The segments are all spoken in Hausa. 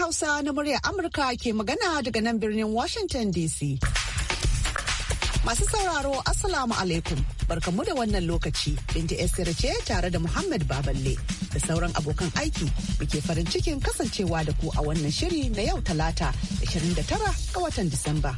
Hausa na muryar Amurka ke magana daga nan birnin Washington DC. Masu sauraro Assalamu alaikum barkamu da wannan lokaci Binta Esther ce tare da Muhammad Baballe da sauran abokan aiki muke farin cikin kasancewa da ku a wannan shiri na yau talata 29 ga watan Disamba.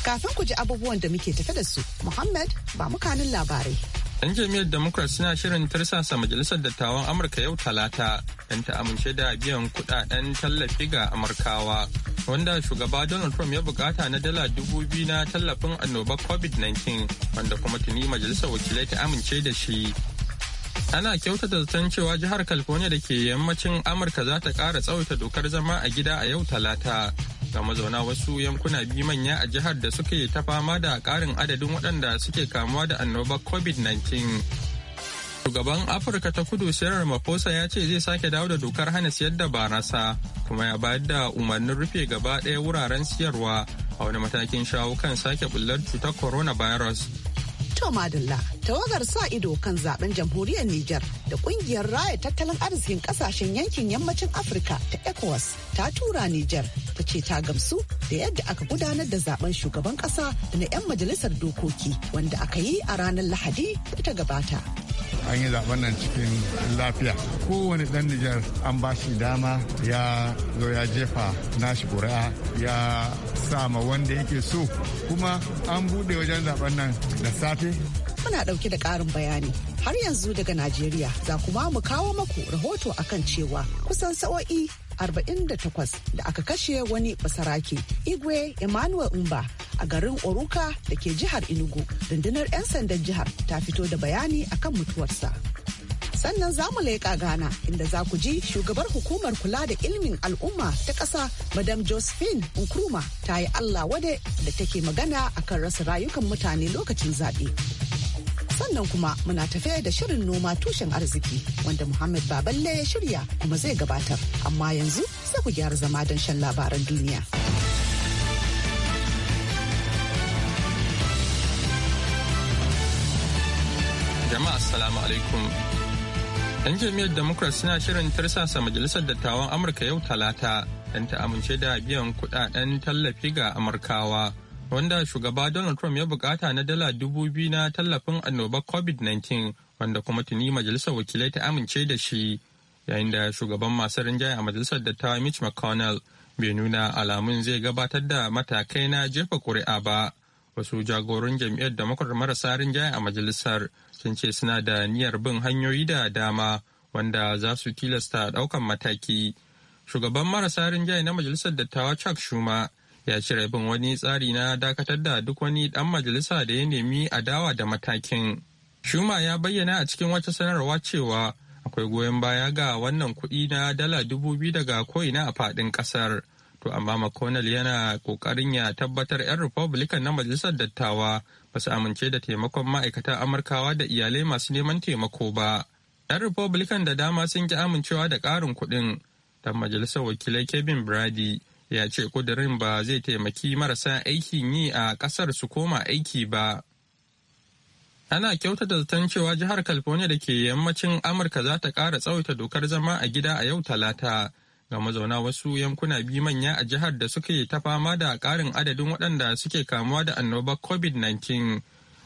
Kafin ku ji abubuwan da muke tafe da su, Muhammad ba mu mukanin labarai. 'Yan jam'iyyar Democrat suna shirin tirsasa Majalisar Dattawan Amurka yau Talata don ta amince da biyan kudaden tallafi ga Amurkawa. Wanda shugaba Donald Trump ya bukata na dala dubu biyu na tallafin annobar COVID-19 wanda kuma tuni Majalisar Wakilai ta amince da shi. Ana kyautata zaton cewa jihar California da ke yammacin Amurka za ta ƙara tsawaita dokar zama a gida a yau Talata da mazauna wasu yankuna biyu manya a jihar da suke ta fama da ƙarin adadin waɗanda suke kamuwa da annobar covid-19 shugaban afirka ta kudu sirar mafosa ya ce zai sake dawo da dokar hana siyar da barasa kuma ya bayar da umarnin rufe gaba ɗaya wuraren siyarwa a wani matakin shawo kan sake bullar cutar coronavirus. tawagar sa ido kan zaben jamhuriyar Nijar da kungiyar raya tattalin arzikin kasashen yankin yammacin Afirka ta ECOWAS ta tura Nijar ta ce ta gamsu da yadda aka gudanar da zaben shugaban kasa da na 'yan majalisar dokoki wanda aka yi a ranar Lahadi da ta gabata. An yi zaben nan cikin lafiya. Kowane ɗan Nijar an ba shi dama ya zo ya jefa nashi ƙuri'a ya sama wanda yake so kuma an buɗe wajen zaben nan da safe muna ɗauke da ƙarin bayani. Har yanzu daga Najeriya za kuma mu kawo maku rahoto akan cewa kusan sa'o'i 48 da aka kashe wani basarake Igwe Emmanuel Umba a garin Oruka da ke jihar Enugu. Rundunar 'yan sandan jihar ta fito da bayani akan mutuwarsa. sannan za mu leƙa Ghana inda za ku ji shugabar hukumar kula da ilimin al'umma ta ƙasa Madam Josephine Nkrumah ta yi Allah wade da take magana akan rasa rayukan mutane lokacin zaɓe. sannan kuma muna tafiya da shirin noma tushen arziki wanda Muhammad Baballe ya shirya kuma zai gabatar. Amma yanzu sai ku gyara zama don shan labaran duniya. Jama'a Assalamu alaikum. Yan Jami'ar Democrat suna shirin tarsasa Majalisar Dattawan Amurka yau Talata don ta amince da biyan kudaden tallafi ga Amurkawa. wanda shugaba Donald Trump ya bukata na dala dubu biyu na tallafin annobar COVID-19 wanda kuma tuni majalisar wakilai ta amince da shi yayin da shugaban masu rinjaye a majalisar dattawa Mitch McConnell bai nuna alamun zai gabatar da matakai na jefa kuri'a ba. Wasu jagoran jam'iyyar Democrat marasa rinjaye a majalisar sun ce suna da niyyar bin hanyoyi da dama wanda za su tilasta ɗaukan mataki. Shugaban marasa rinjaye na majalisar dattawa Chuck Schumer ya ci rabin wani tsari na dakatar da duk wani dan majalisa da ya nemi a dawa da matakin. Shuma ya bayyana a cikin wata sanarwa cewa akwai goyon baya ga wannan kuɗi na dala dubu biyu daga ko'ina a faɗin ƙasar. To amma McConnell yana ƙoƙarin ya tabbatar 'yan Republican na majalisar dattawa ba su amince da taimakon ma'aikatan Amurkawa da iyalai masu neman taimako ba. 'Yan Republican da dama sun ki amincewa da ƙarin kuɗin. Dan majalisar wakilai Kevin Brady ya ce kudirin ba zai taimaki marasa aikin yi a kasar su koma aiki ba. Ana kyautata zaton cewa jihar California da ke yammacin Amurka za ta kara tsawaita dokar zama a gida a yau talata ga mazauna wasu yankuna biyu manya a jihar da suke ta fama da karin adadin waɗanda suke kamuwa da annobar COVID-19.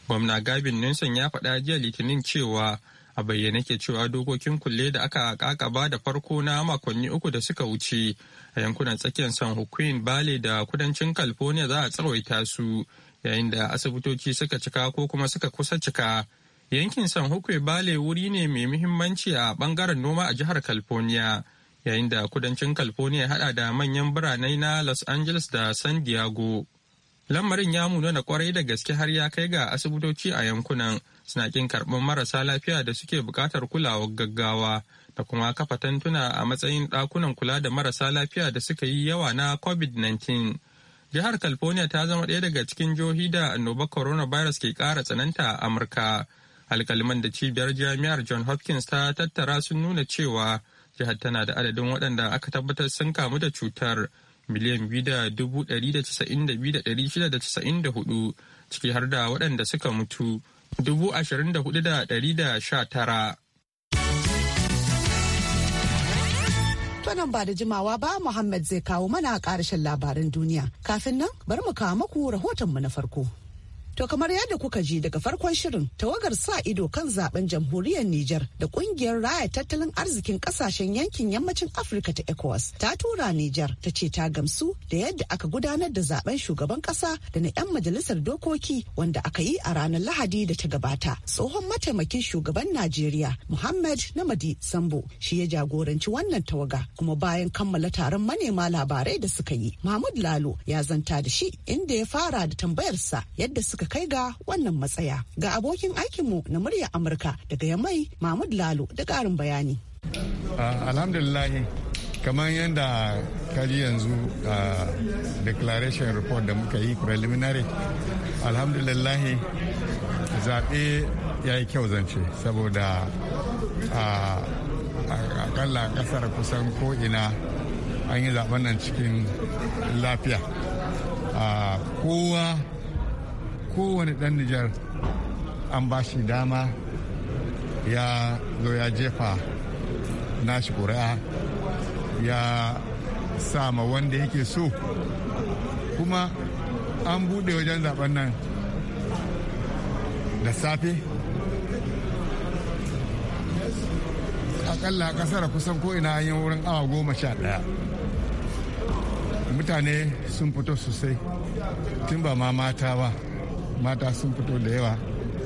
Gwamna gabin nelson ya faɗa jiya Litinin cewa a bayyane ke cewa dokokin kulle da aka ba da farko na makonni uku da suka wuce a yankunan tsakiyar san hukuin bale da kudancin california za a tsawaita su yayin da asibitoci suka cika ko kuma suka kusa cika yankin san hukwe bale wuri ne mai muhimmanci a bangaren noma a jihar california yayin da kudancin california hada da manyan biranai na los angeles da san diego lamarin ya munana kwarai da gaske har ya kai ga asibitoci a yankunan suna kin karɓar marasa lafiya da suke buƙatar kulawar gaggawa da kuma kafa tantuna a matsayin ɗakunan kula da marasa lafiya da suka yi yawa na covid-19 jihar california ta zama ɗaya daga cikin jihohi da annobar coronavirus ke ƙara tsananta a amurka alkaliman da cibiyar jami'ar john hopkins ta tattara sun nuna cewa jihar tana da adadin waɗanda aka tabbatar sun kamu da cutar miliyan biyu da dubu ɗari da casa'in da biyu da ɗari shida da casa'in da hudu ciki har da waɗanda suka mutu tara. nan ba da jimawa ba Muhammad zai kawo mana ƙarshen labarin duniya. Kafin nan bari mu kawo muku rahotonmu na farko. To kamar yadda kuka ji daga farkon shirin tawagar sa ido kan zaben jamhuriyar Nijar da kungiyar raya tattalin arzikin kasashen yankin yammacin Afirka ta ECOWAS ta tura Nijar ta ce ta gamsu da yadda aka gudanar da zaben shugaban kasa da na 'yan majalisar dokoki wanda aka yi a ranar Lahadi da ta gabata. Tsohon mataimakin shugaban Najeriya Muhammad Namadi Sambo shi ya jagoranci wannan tawaga kuma bayan kammala taron manema labarai da suka yi Mahmud Lalo ya zanta da shi inda ya fara da tambayarsa yadda suka suka kai ga wannan matsaya ga abokin aikinmu na murya amurka daga yamai mahmud lalo da ƙarin bayani ah, alhamdulillahi kamar yadda kaji yanzu a ah, declaration report da muka yi preliminary alhamdulillahi zaɓe ya yi kyau zance saboda a ah, akalla kasar kusan ko'ina an yi zaben nan cikin lafiya kowa kowane ɗan Nijar an ba shi dama ya zo ya jefa nashi ƙuri'a ya sama wanda yake so kuma an buɗe wajen zaben nan da safe akalla kasar kusan ko ina yi wurin awa goma sha ɗaya mutane sun fito sosai tun ba ma mata ba mata sun fito da yawa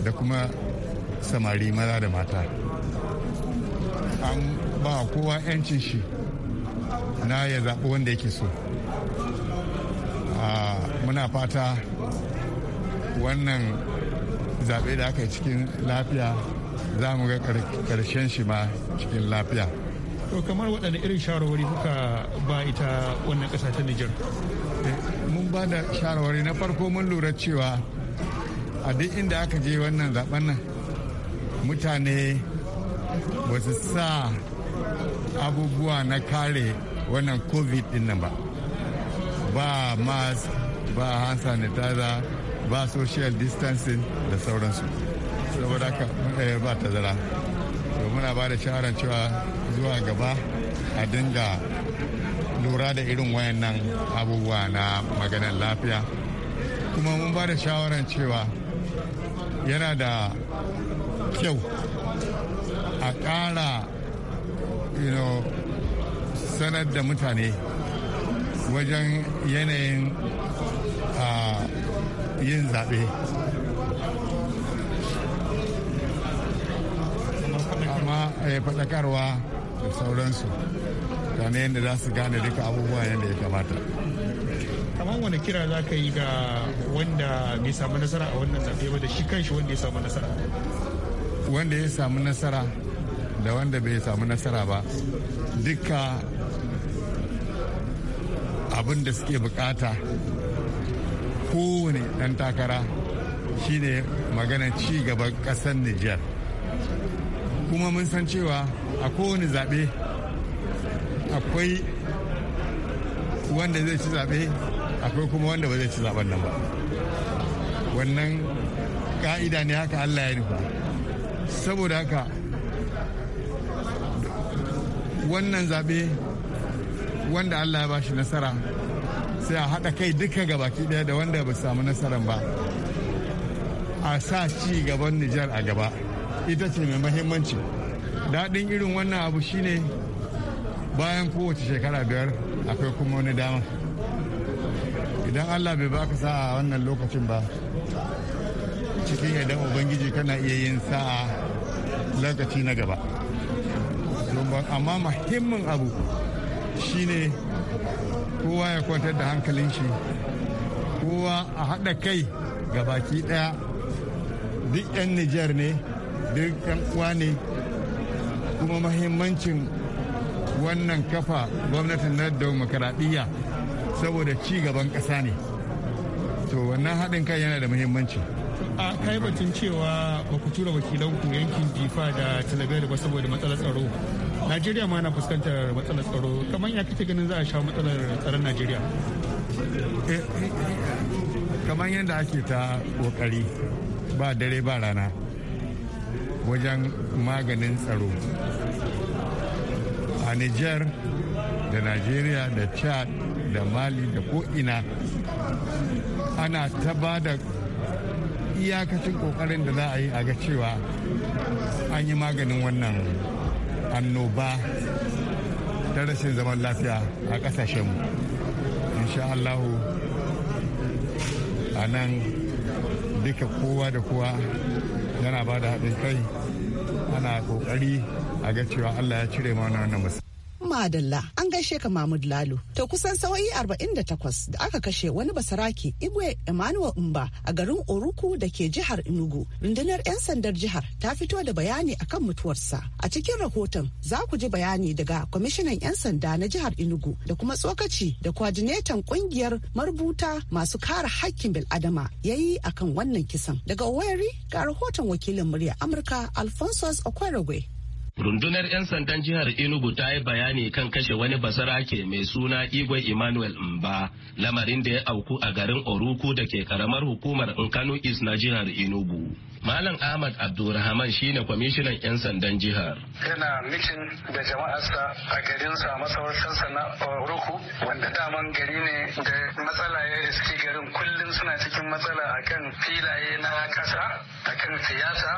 da kuma samari maza da mata an ba kowa 'yancin shi na ya zaɓi wanda yake so ah, muna fata wannan zaɓe da aka yi cikin lafiya za mu ga ƙarshen shi ma cikin lafiya to kamar waɗanne irin shawarwari kuka ba ita wannan ƙasa ta Nijar? Eh, mun ba da shawarwari na farko mun lura cewa a duk inda aka je wannan zaben nan mutane ba su sa abubuwa na kare wannan covid din nan ba ba mask ba hand sanitizer ba social distancing da sauransu saboda haka eh, ba to muna ba da shawaran cewa zuwa gaba a dinga lura da irin wayannan abubuwa na maganar lafiya kuma mun ba da shawaran cewa yana da kyau a ƙara sanar da mutane wajen yanayin yin zaɓe amma eh, faɗakarwa da sauransu gane yadda za su gane duka abubuwa yadda ya kamata kamar wani kira za ka yi ga wanda bai samu nasara a wannan zafi ba da shi kanshi wanda ya samu nasara wanda ya samu nasara da wanda bai samu nasara ba duka abin da suke bukata kowane ɗan takara shine magana ci gaban ƙasar Nijar. kuma mun san cewa a kowane zaɓe akwai wanda zai ci zaɓe akwai kuma wanda ba zai ci zaben nan ba wannan ka'ida ne haka allah ya nufa saboda haka wannan zaɓe wanda allah ya bashi nasara sai a haɗa kai duka gabaki daya da wanda ba samu nasara ba a sa ci gaban nijar a gaba ita ce mai mahimmanci daɗin irin wannan abu shine bayan kowace shekara biyar akwai kuma wani dama idan allah bai baka sa'a a wannan lokacin ba cikin idan ubangiji kana iya yin sa'a lokaci na gaba amma muhimmin abu shine kowa ya kwantar da hankalin shi kowa a haɗa kai ga baki ɗaya duk 'yan nijar ne duk 'yan uwa ne kuma mahimmancin wannan kafa gwamnatin na demokaradiyya saboda ci gaban ƙasa ne to wannan haɗin kai yana da muhimmanci a kai batun cewa ba ku tura wakilan ku yankin jifa da talabiyar ba saboda matsalar tsaro najeriya ma na fuskantar matsalar tsaro kamar ya kake ganin za a sha matsalar tsaron najeriya eh, eh, eh, kamar yadda ake ta kokari ba dare ba rana wajen maganin tsaro a niger da Najeriya da chad da mali da ko'ina ana ta ba da iyakacin kokarin da za a yi a ga cewa an yi maganin wannan annoba ta rashin zaman lafiya a kasashenmu insha allahu a nan duka kowa da kowa yana ba da haɗin kai ana kokari a ga cewa allah ya cire mana wannan musamman Madalla an gaishe ka Mahmud lalu To kusan sawa'i 48 da aka kashe wani basaraki Igwe Emmanuel Umba a garin Oruku da ke jihar Enugu. Rundunar 'yan sandar jihar ta fito da bayani akan mutuwarsa. A cikin rahoton za ku ji bayani daga kwamishinan 'yan sanda na jihar Enugu da kuma tsokaci da kwajinetan kungiyar marubuta masu kare hakkin bil'adama ya yi akan wannan kisan. Daga Oweri ga rahoton wakilin murya Amurka Alphonsus Okweragwe. Rundunar 'yan sandan jihar Enugu ta yi bayani kan kashe wani basarake mai suna Igwe Emmanuel Mba, lamarin da ya auku a garin Oruku da ke karamar hukumar nkanu East na jihar Enugu. Malam Ahmad Abdulrahman shine kwamishinan 'yan sandan jihar. Yana mitin da jama'arsa a garinsa sansa na Oruku, wanda daman gari ne da matsala ya riski garin kullum suna cikin matsala akan filaye na kasa, akan siyasa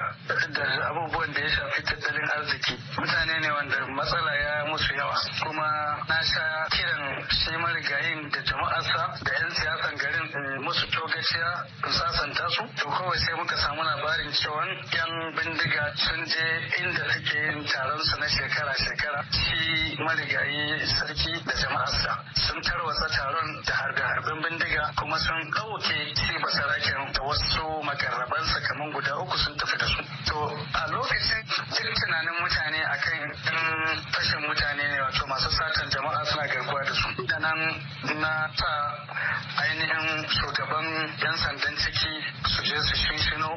da abubuwan da ya shafi tattalin arziki. mutane ne wanda matsala ya musu yawa kuma na sha kiran shi marigayin da jama'arsa da 'yan siyasan garin musu togashiya in sasanta su to kawai sai muka samu labarin cewa 'yan bindiga sun je inda suke yin taron su na shekara-shekara shi marigayi sarki da jama'arsa sun tarwatsa taron da harbe harbin bindiga kuma sun ɗauke shi basaraken da wasu makarrabansa kamar guda uku sun tafi da su to a lokacin duk tunanin mutane mutane akan ɗan tashin mutane ne wato masu satan jama'a suna garkuwa da su da nan na sa ainihin shugaban yan sandan ciki su je su shinshino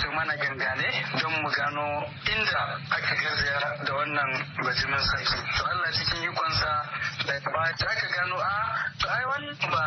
su mana gangane don mu gano inda aka garzaya da wannan bajimin sarki to Allah cikin ikonsa ba za ka gano a ah, to ai wannan ba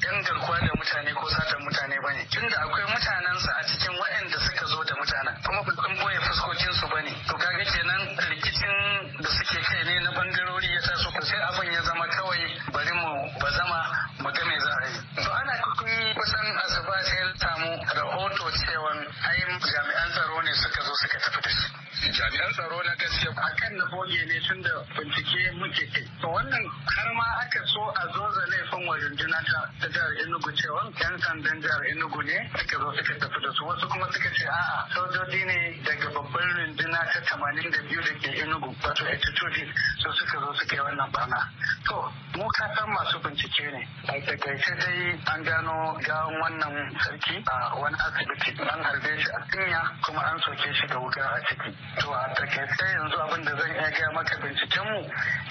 yan garkuwa da mutane ko satan mutane ba ne tunda akwai mutanensa a cikin waɗanda suka zo da mutanen kuma ba boye fuskokinsu ba ne to kaga kenan rikicin da suke kai ne na bangarori ya taso ko sai abin ya zama kawai bari mu ba zama mu ga me za a yi to ana kuɗi kusan asuba sai samu rahoto cewa ai jami'an tsaro ne suka zo suka tafi da shi jami'an tsaro na gaskiya akan na boge ne tun da bincike muke kai to wannan har ma aka so a zo da laifin wa ta ta jihar enugu cewa yan sandan jihar enugu ne suka zo suka tafi da su wasu kuma suka ce a'a sojoji ne daga babban runduna ta tamanin da biyu da ke enugu wato etitudi so suka zo suka yi wannan barna to mu ka san masu bincike ne a takaice dai an gano gawan wannan sarki a wani asibiti an harbe shi a tsinya kuma an soke shi da wuka a ciki to a takaice yanzu abin da zan iya gaya maka binciken mu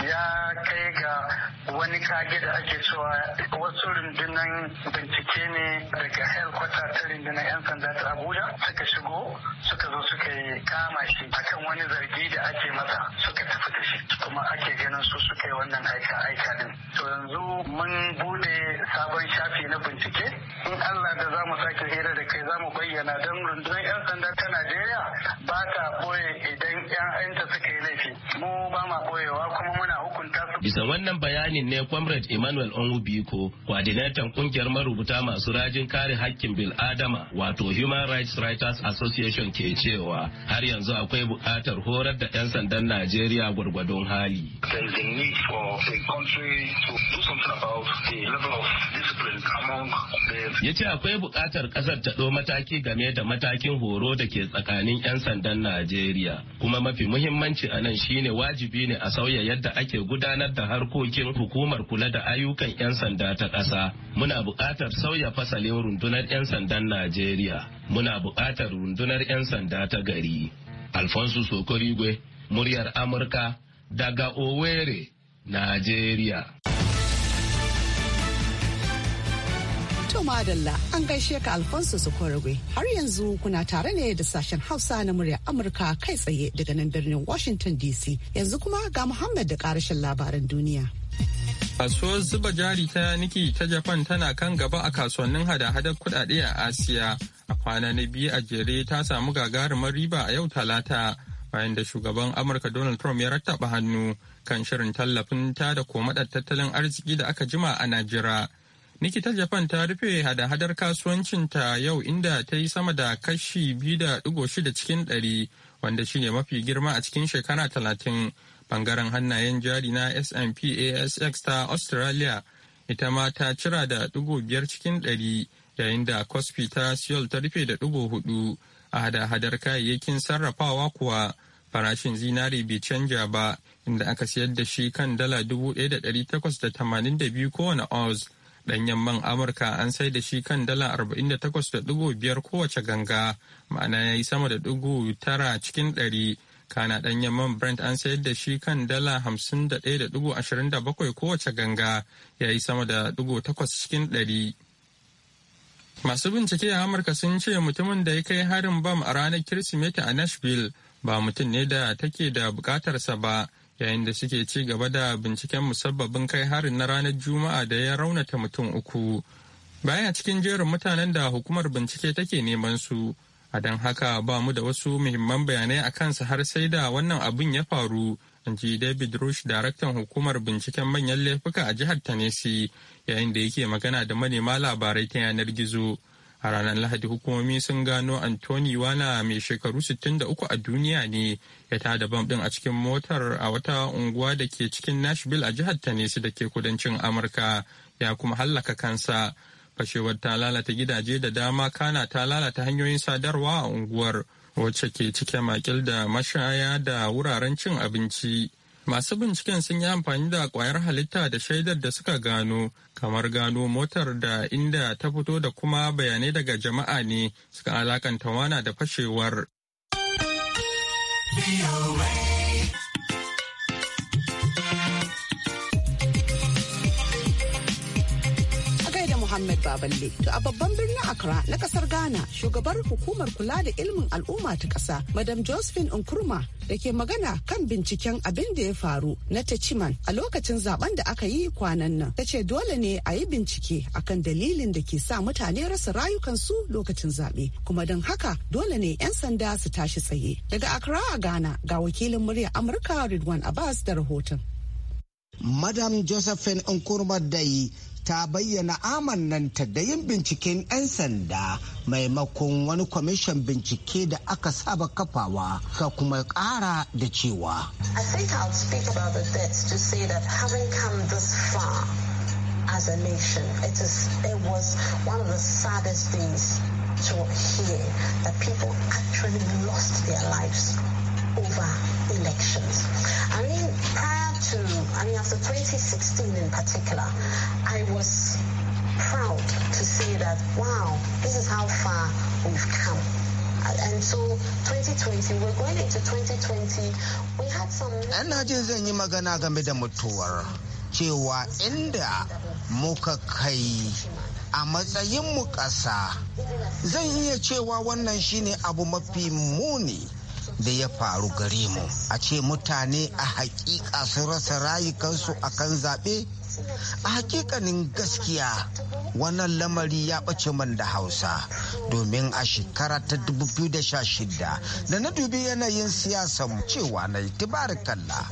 ya kai ga wani kage da ake cewa wasu rundunan bincike ne daga helkwata ta rundunar 'yan sanda ta abuja suka shigo suka zo suka yi kama shi akan wani zargi da ake masa suka tafi da shi kuma ake ganin su suka yi wannan aika aika din to yanzu mun bude sabon shafi na bincike in allah da za mu sake hira da kai za mu bayyana don rundunar 'yan sanda ta najeriya ba ta boye idan ƴaƴanta suka yi laifi mu ba ma koyewa kuma muna hukunta su bisa wannan bayanin ne comrade Emmanuel Onwubiko kwadinatan kungiyar marubuta masu rajin kare hakkin bil adama wato Human Rights Writers Association ke cewa har yanzu akwai buƙatar horar da 'yan sandan Najeriya gwargwadon hali. Ya ce akwai bukatar ƙasar ta ɗau mataki game da matakin horo da ke tsakanin 'yan sandan Najeriya. Najeriya kuma mafi muhimmanci a nan shine wajibi ne a sauya yadda ake gudanar da harkokin hukumar kula da ayyukan 'yan sanda ta ƙasa muna buƙatar sauya fasalin rundunar 'yan sandan Najeriya muna buƙatar rundunar 'yan sanda ta gari Alfonso Sokorigwe muryar Amurka daga Owerri Najeriya To madalla an gaishe ka Alfonso Sokorogwe har yanzu kuna tare ne da sashen Hausa na muryar Amurka kai tsaye daga nan birnin Washington DC yanzu kuma ga Muhammad da karashin labaran duniya. Kasuwar zuba jari ta niki ta Japan tana kan gaba a kasuwannin hada-hadar kudade a Asiya a kwana na biyu a jere ta samu gagarumar riba a yau talata bayan da shugaban Amurka Donald Trump ya rattaba hannu kan shirin tallafin ta da komadar tattalin arziki da aka jima a Najeriya. Nikita Japan ta rufe hada-hadar kasuwancinta yau inda ta yi sama da kashi 2.6 cikin ɗari wanda shi ne mafi girma a cikin shekara talatin bangaren hannayen jari na S&P ta Australia ita ma ta cira da ɗigo biyar cikin ɗari yayin da Cosby ta Seoul ta rufe da ɗigo hudu a hada-hadar kayayyakin sarrafawa kuwa farashin zinari bai canja ba inda aka sayar da shi kan dala 1,882 kowane ounce. Ɗanyen man Amurka an sai da shi kan dala 48.5 kowace ganga, ma'ana ya yi sama da ɗigo tara cikin ɗari. Kana ɗanyen man Brent an sayar da shi kan dala 51.27 kowace ganga, ya yi sama da ɗigo takwas cikin ɗari. Masu bincike a Amurka sun ce mutumin da ya kai harin bam a ranar Kirsimeti a Nashville ba mutum ne da take da bukatarsa ba yayin da suke ci gaba da binciken musabbabin kai harin na ranar juma'a da ya raunata mutum uku bayan cikin jerin mutanen da hukumar bincike take neman su a don haka ba mu da wasu muhimman bayanai a kansa har sai da wannan abin ya faru in ji david rush daraktan hukumar binciken manyan laifuka a jihar tennessee yayin da yake magana da manema labarai ta yanar gizo A ranar Lahadi hukumomi sun gano Anthony Wana mai shekaru 63 a duniya ne ya ta bam ɗin a cikin motar a wata unguwa da ke cikin Nashville a jihar Tennessee da ke kudancin Amurka ya kuma hallaka kansa. Fashewar ta lalata gidaje da dama kana ta lalata hanyoyin sadarwa a unguwar wacce ke cike makil da mashaya da wuraren cin abinci. Masu binciken sun yi amfani da kwayar halitta da shaidar da suka gano, kamar gano motar da inda ta fito da kuma bayanai daga jama'a ne suka alakanta wana da fashewar. Muhammad Baballe. To a babban birnin Accra na kasar Ghana shugabar hukumar kula da ilimin al'umma ta kasa Madam Josephine Nkrumah da ke magana kan binciken abin da ya faru na Tachiman a lokacin zaben da aka yi kwanan nan. Ta ce dole ne a yi bincike akan dalilin da ke sa mutane rasa rayukansu lokacin zaɓe kuma don haka dole ne 'yan sanda su tashi tsaye. Daga Accra a Ghana ga wakilin murya Amurka Ridwan Abbas da rahoton. Madam Josephine Nkrumah Dayi ta bayyana amannanta da yin binciken 'yan sanda maimakon wani kwamishin bincike da aka saba kafawa ka kuma ƙara da cewa. I think speak about the to say that having come this far as a nation, it, is, it was one of the saddest things to hear that people actually lost their lives over elections. I mean, to, I mean, after 2016 in particular, I was proud to see that, wow, this is how far we've come. And so 2020, we're going into 2020, we had some... Ina jin zan yi magana game da mutuwar cewa inda muka kai a matsayinmu ƙasa zan iya cewa wannan shine abu mafi muni da ya faru gare mu a ce mutane a hakika sun rasa rayukansu a kan zaɓe a hakikanin gaskiya wannan lamari ya ɓace man da hausa domin a shekara ta 2016 da na dubi yanayin siyasan cewa na tibarikalla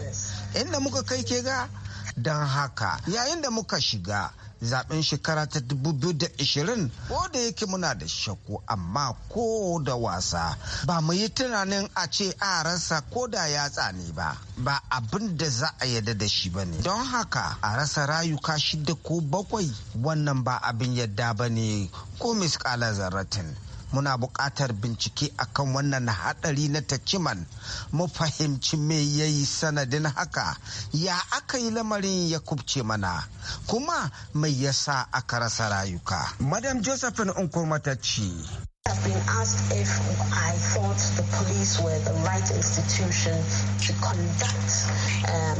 inda muka kai ke ga don haka yayin da muka shiga zaben shekara ta 2020 ko da yake muna da shakku amma ko da wasa ba mu yi tunanin a ce a rasa ko da ya ne ba ba abin da za a yarda da shi ba ne don haka a rasa rayuka shida ko bakwai wannan ba abin yadda ba ne ko miskala zaratin muna buƙatar bincike akan wannan haɗari na taciman mu fahimci me ya sanadin haka ya aka yi lamarin ya kubce mana kuma mai yasa aka rasa rayuka madam josephine nkurma ta ce have been asked if I thought the police were the right institution to conduct um,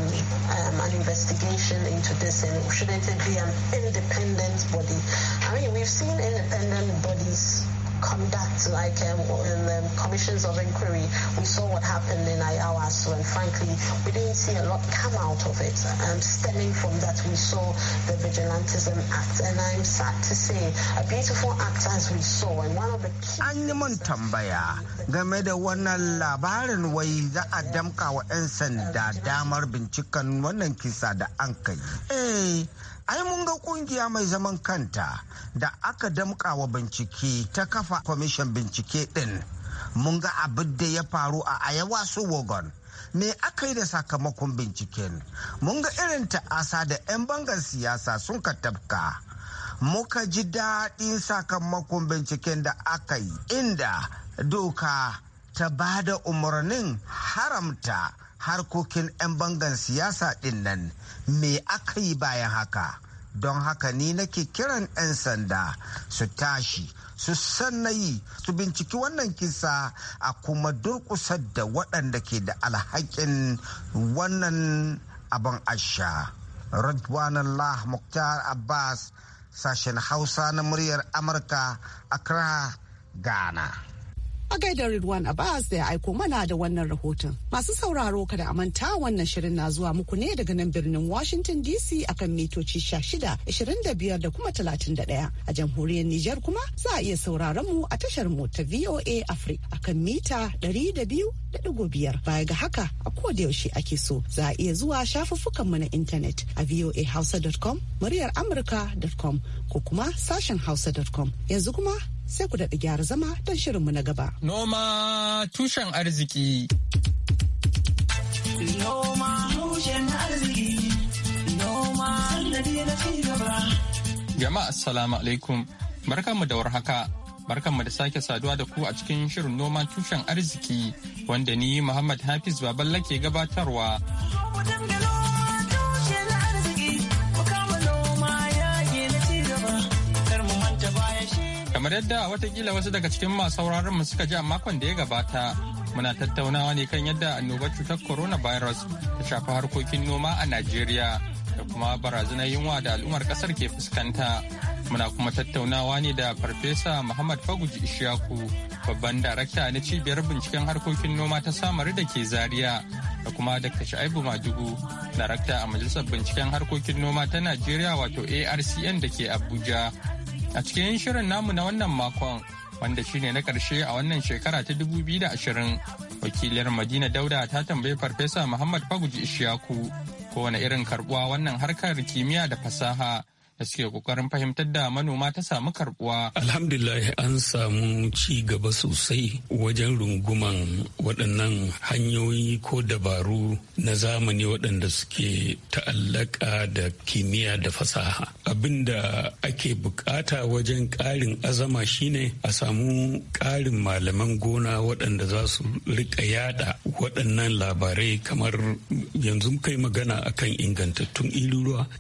um, an investigation into this and shouldn't it be an independent body? I mean, we've seen independent bodies conduct like um, um, commissions of inquiry. We saw what happened in Ayawasu, and frankly, we didn't see a lot come out of it. Um, stemming from that, we saw the Vigilantism Act, and I'm sad to say, a beautiful act as we saw, and one of the key... An yi mun tambaya game da wannan labarin wai za a damka wa 'yan sanda damar binciken wannan kisa da an kai. Eh, ai mun ga kungiya mai zaman kanta da aka damƙawa bincike ta kafa kwamishin bincike ɗin mun ga abin da ya faru a ayawa su wogon me aka yi da sakamakon binciken mun ga irin ta'asa da 'yan bangar siyasa sun ka tabka. muka ji daɗin sakamakon binciken da aka yi inda doka ta ba da umarnin haramta harkokin 'yan bangan siyasa ɗin nan me aka yi bayan haka don haka ni nake kiran 'yan sanda su tashi su sannayi su binciki wannan kisa a kuma durkusa da waɗanda ke da alhakin wannan abin asha. Allah Muktar Abbas sashen Hausa na muryar Amurka Accra, Ghana. a gaidar Ridwan Abbas da ya aiko mana da wannan rahoton. Masu sauraro kada a manta wannan shirin na zuwa muku ne daga nan birnin Washington DC akan mitoci 16, 25 da kuma talatin da 31. A jamhuriyar Nijar kuma za a iya sauraron mu a tashar mu ta VOA Africa akan mita da da biyu 200.5. Baya ga haka a koda yaushe ake so za a iya zuwa shafuffukan mu na intanet a voahausa.com, muryar amurka.com ko kuma sashen hausa.com. Yanzu kuma sai ku daɗi gyara zama don shirinmu na gaba. Noma tushen arziki. Noma tushen arziki. Noma sannadi na ci gaba. Jama'a assalamu alaikum. Barkanmu da warhaka. Barkanmu da sake saduwa da ku a cikin shirin noma tushen arziki wanda ni Muhammad Hafiz Baballa ke gabatarwa. kamar yadda watakila wasu daga cikin masu mu suka ji a makon da ya gabata muna tattaunawa ne kan yadda annobar cutar corona coronavirus ta shafi harkokin noma a najeriya da kuma barazanar yunwa da al'ummar kasar ke fuskanta muna kuma tattaunawa ne da farfesa muhammad faguji ishaku babban darakta na cibiyar binciken harkokin noma ta samari da ke zaria da kuma dr shaibu madugu darakta a majalisar binciken harkokin noma ta najeriya wato arcn da ke abuja A cikin shirin namu na wannan makon wanda shine na ƙarshe a wannan shekara ta 2020 wakiliyar Madina Dauda ta tambayi Farfesa Muhammad Faguji Ishaku kowane irin karbuwa wannan harkar kimiyya da fasaha da suke kokarin fahimtar da manoma ta samu karbuwa. Alhamdulillah an samu ci gaba sosai wajen runguman waɗannan hanyoyi ko dabaru na zamani waɗanda suke ta'allaka da kimiyya da fasaha. Abin da ake bukata wajen ƙarin azama shine a samu ƙarin malaman gona waɗanda za su riƙa yada waɗannan labarai kamar yanzu kai magana akan ingantattun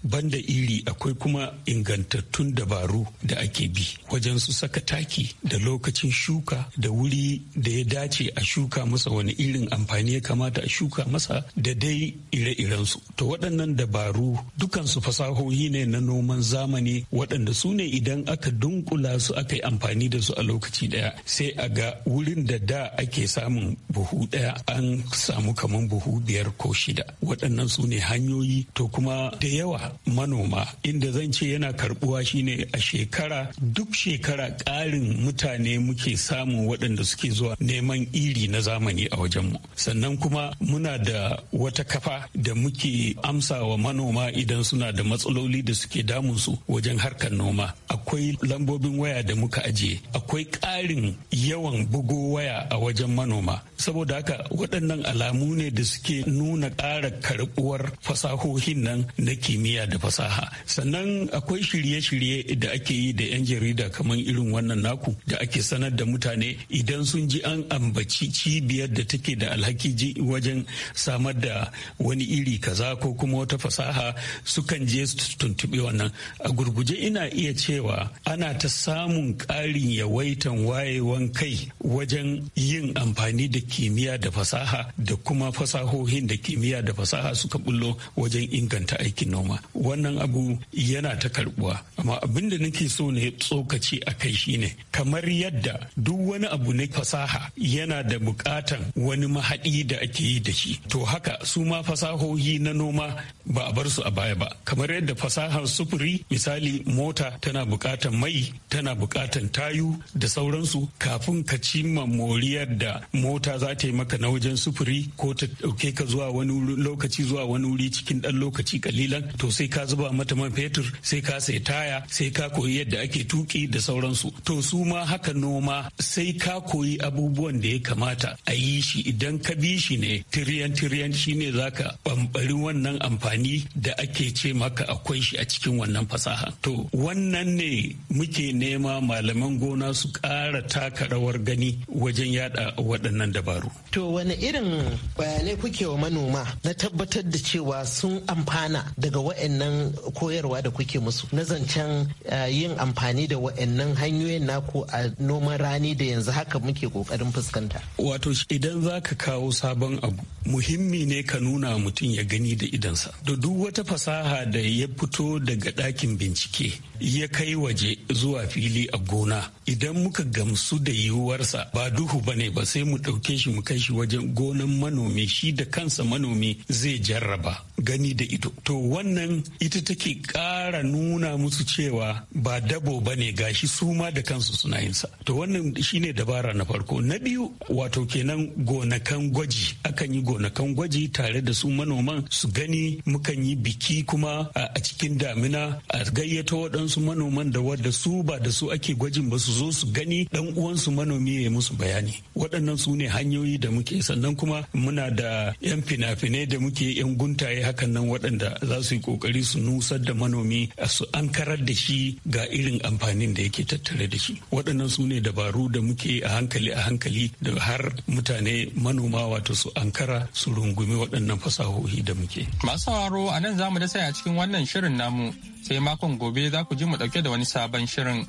banda iri akwai kuma kuma ingantattun dabaru da ake bi wajen su saka taki da lokacin shuka da wuri da ya dace a shuka masa wani irin amfani ya kamata a shuka masa da dai ire-irensu to waɗannan dabaru dukansu fasahohi ne na noman zamani waɗanda su ne idan aka dunkula su aka yi amfani da su a lokaci ɗaya sai a ga wurin da da ake samun buhu ɗaya an samu kamar buhu biyar ko shida waɗannan su ne hanyoyi to kuma da yawa manoma inda zan ce yana karbuwa shine a shekara duk shekara ƙarin mutane muke samun waɗanda suke zuwa neman iri na zamani a wajenmu sannan kuma muna da wata kafa da muke amsawa manoma idan suna da matsaloli da suke damunsu wajen harkar noma akwai lambobin waya da muka ajiye akwai ƙarin yawan bugo waya a wajen manoma saboda haka waɗannan alamu ne da suke nuna ƙara karɓuwar fasahohin nan na kimiyya da fasaha sannan akwai shirye-shirye da ake yi da 'yan jarida kamar irin wannan naku da ake sanar da mutane idan sun ji an ambaci cibiyar da take da alhaki wajen samar da wani iri kaza ko kuma wata fasaha sukan je su tuntuɓi wannan a gurguje ina iya cewa ana ta samun ƙarin yawaitan wayewan kai wajen yin amfani da kimiyya da fasaha da kuma fasahohin da kimiyya da fasaha suka bullo wajen inganta aikin noma wannan abu yana ta karbuwa amma abin da nake so ne tsokaci a kai shine kamar yadda duk wani abu ne fasaha yana da bukatan wani mahaɗi da ake yi da shi to haka su ma fasahohi na noma ba a bar su a baya ba kamar yadda fasahar sufuri misali mota tana bukatan mai tana bukatan tayu da sauransu kafin ka cimma moriyar da mota za ta yi maka na wajen sufuri ko ta ɗauke ka zuwa wani lokaci zuwa wani wuri cikin ɗan lokaci kalilan to sai ka zuba mata man fetur sai ka sai taya sai ka koyi yadda ake tuki da sauransu to su ma haka noma sai ka koyi abubuwan da ya kamata a yi shi idan ka bi shi ne tiriyan tiriyan shi ne shine zaka bambari wannan amfani da ake ce maka akwai shi a cikin wannan fasaha to wannan ne muke nema malaman gona su ƙara taka rawar gani wajen yada waɗannan da dabaru. To wani irin bayanai kuke wa manoma na tabbatar da cewa sun amfana daga wa'annan koyarwa da kuke musu na zancen eh, yin amfani da wa'annan hanyoyin naku a noman rani da yanzu haka muke kokarin fuskanta. Wato idan za ka kawo sabon abu muhimmi ne ka nuna mutum ya gani da idansa. Da duk wata fasaha da ya fito daga ɗakin bincike ya kai waje zuwa fili a gona idan muka gamsu da yiwuwarsa ba duhu ba ne ba sai mu ɗauke ɗauke shi mu kai shi wajen gonan manomi shi da kansa manomi zai jarraba gani da ido to wannan ita take kara nuna musu cewa ba dabo ba ne gashi su ma da kansu suna yin sa to wannan shine dabara na farko na biyu wato kenan gonakan gwaji akan yi gonakan gwaji tare da su manoman su gani mukan yi biki kuma a cikin damina a gayyato waɗansu manoman da wadda su ba da su ake gwajin ba su zo su gani ɗan uwansu manomi ya musu bayani waɗannan su ne hanyoyi da muke sannan kuma muna da 'yan fina-finai da muke 'yan guntaye hakan nan waɗanda za su yi kokari su nusar da manomi a su an karar da shi ga irin amfanin da yake tattare da shi waɗannan su ne dabaru da muke a hankali a hankali da har mutane manoma wato su ankara su rungumi waɗannan fasahohi da muke masu sauraro a nan za mu da a cikin wannan shirin namu sai makon gobe za ku ji mu ɗauke da wani sabon shirin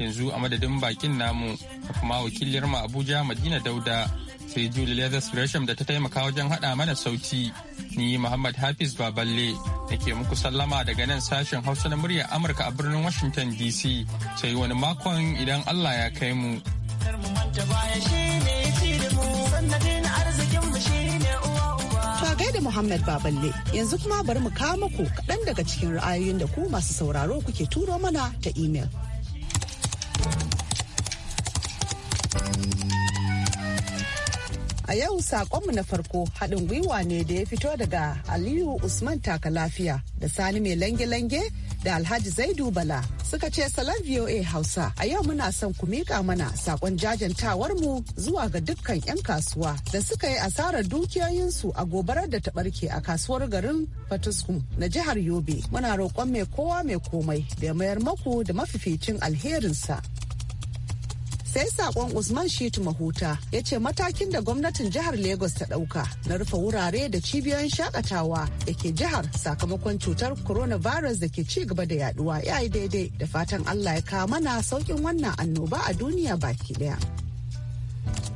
yanzu a madadin bakin namu kuma wakiliyar mu abuja madina dauda sai Julie Leathers Gresham da ta taimaka wajen hada mana sauti. Ni Muhammad Hafiz Baballe da ke muku sallama daga nan sashen Hausa na muryar Amurka a birnin Washington DC sai wani makon idan Allah ya kai mu. da Muhammad Baballe yanzu kuma bari mu kawo muku kaɗan daga cikin ra'ayoyin da ku masu sauraro kuke turo mana ta imel. A yau sakonmu na farko haɗin gwiwa ne da ya fito daga Aliyu Usman taka lafiya da Sani mai lange-lange da Alhaji Zaidu Bala suka ce salon VOA Hausa a yau muna son ku miƙa mana sakon jajantawar mu zuwa ga dukkan 'yan kasuwa da suka yi asarar dukiyoyinsu a gobarar da ta barke a kasuwar garin Fatuskum na jihar Yobe. Muna roƙon mai kowa mai komai da mayar maku da mafificin alherinsa. sai sakon usman shitu mahuta ya ce matakin da gwamnatin jihar lagos ta dauka na rufe wurare da cibiyoyin shakatawa da ke jihar sakamakon cutar coronavirus da ke ci gaba da yaduwa ya yi daidai da fatan allah ya kawo mana saukin wannan annoba a duniya baki daya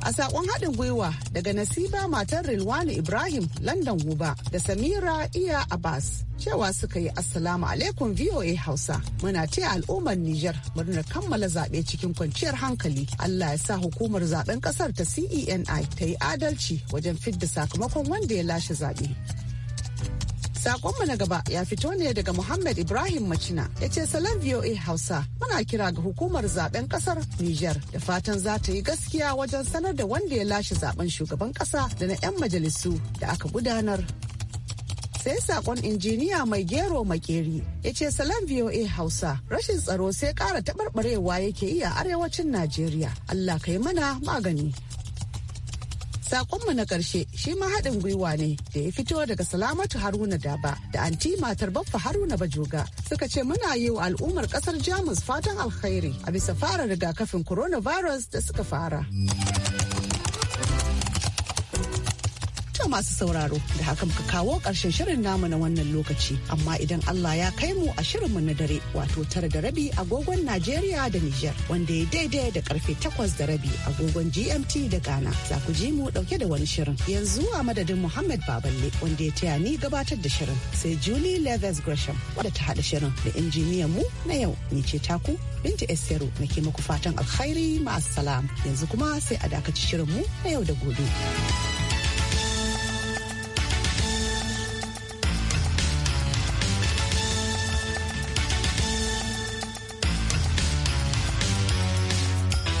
a saƙon haɗin gwiwa daga nasiba matar rilwani ibrahim london guba da samira iya abbas cewa suka yi assalamu alaikum voa hausa muna ce al'ummar Nijar murnar kammala zaɓe cikin kwanciyar hankali allah ya sa hukumar zaɓen ƙasar ta ceni ta yi adalci wajen fidda sakamakon wanda ya lashe zaɓe Sakonmu na gaba ya fito ne daga Muhammad Ibrahim Macina ya ce salon VOA Hausa muna kira ga hukumar zaben kasar niger da fatan za ta yi gaskiya wajen sanar da wanda ya lashe zaben shugaban kasa da na 'yan majalisu da aka gudanar. sai sakon injiniya mai gero makeri ya ce salam voa hausa rashin tsaro sai kara taɓarɓarewa yake yi a arewacin najeriya allah ka yi mana magani Sakonmu na ƙarshe shi ma haɗin gwiwa ne da ya fito daga Salamatu Haruna Daba da anti matar Baffa Haruna Bajoga suka ce muna yi wa al'ummar ƙasar Jamus fatan alkhairi a bisa fara rigakafin coronavirus da suka fara. haka masu sauraro da haka muka kawo ƙarshen shirin namu na wannan lokaci amma idan Allah ya kai mu a shirinmu na dare wato tara da rabi agogon Najeriya da Nijar wanda ya daidai da karfe takwas da rabi agogon GMT da Ghana za ku ji mu dauke da wani shirin yanzu a madadin Muhammad Baballe wanda ya taya ni gabatar da shirin sai Julie leves Gresham wadda ta hada shirin da injiniyan mu na yau ni ce taku Binta Esero nake muku fatan alkhairi ma'assalam yanzu kuma sai a dakaci shirin mu na yau da gobe.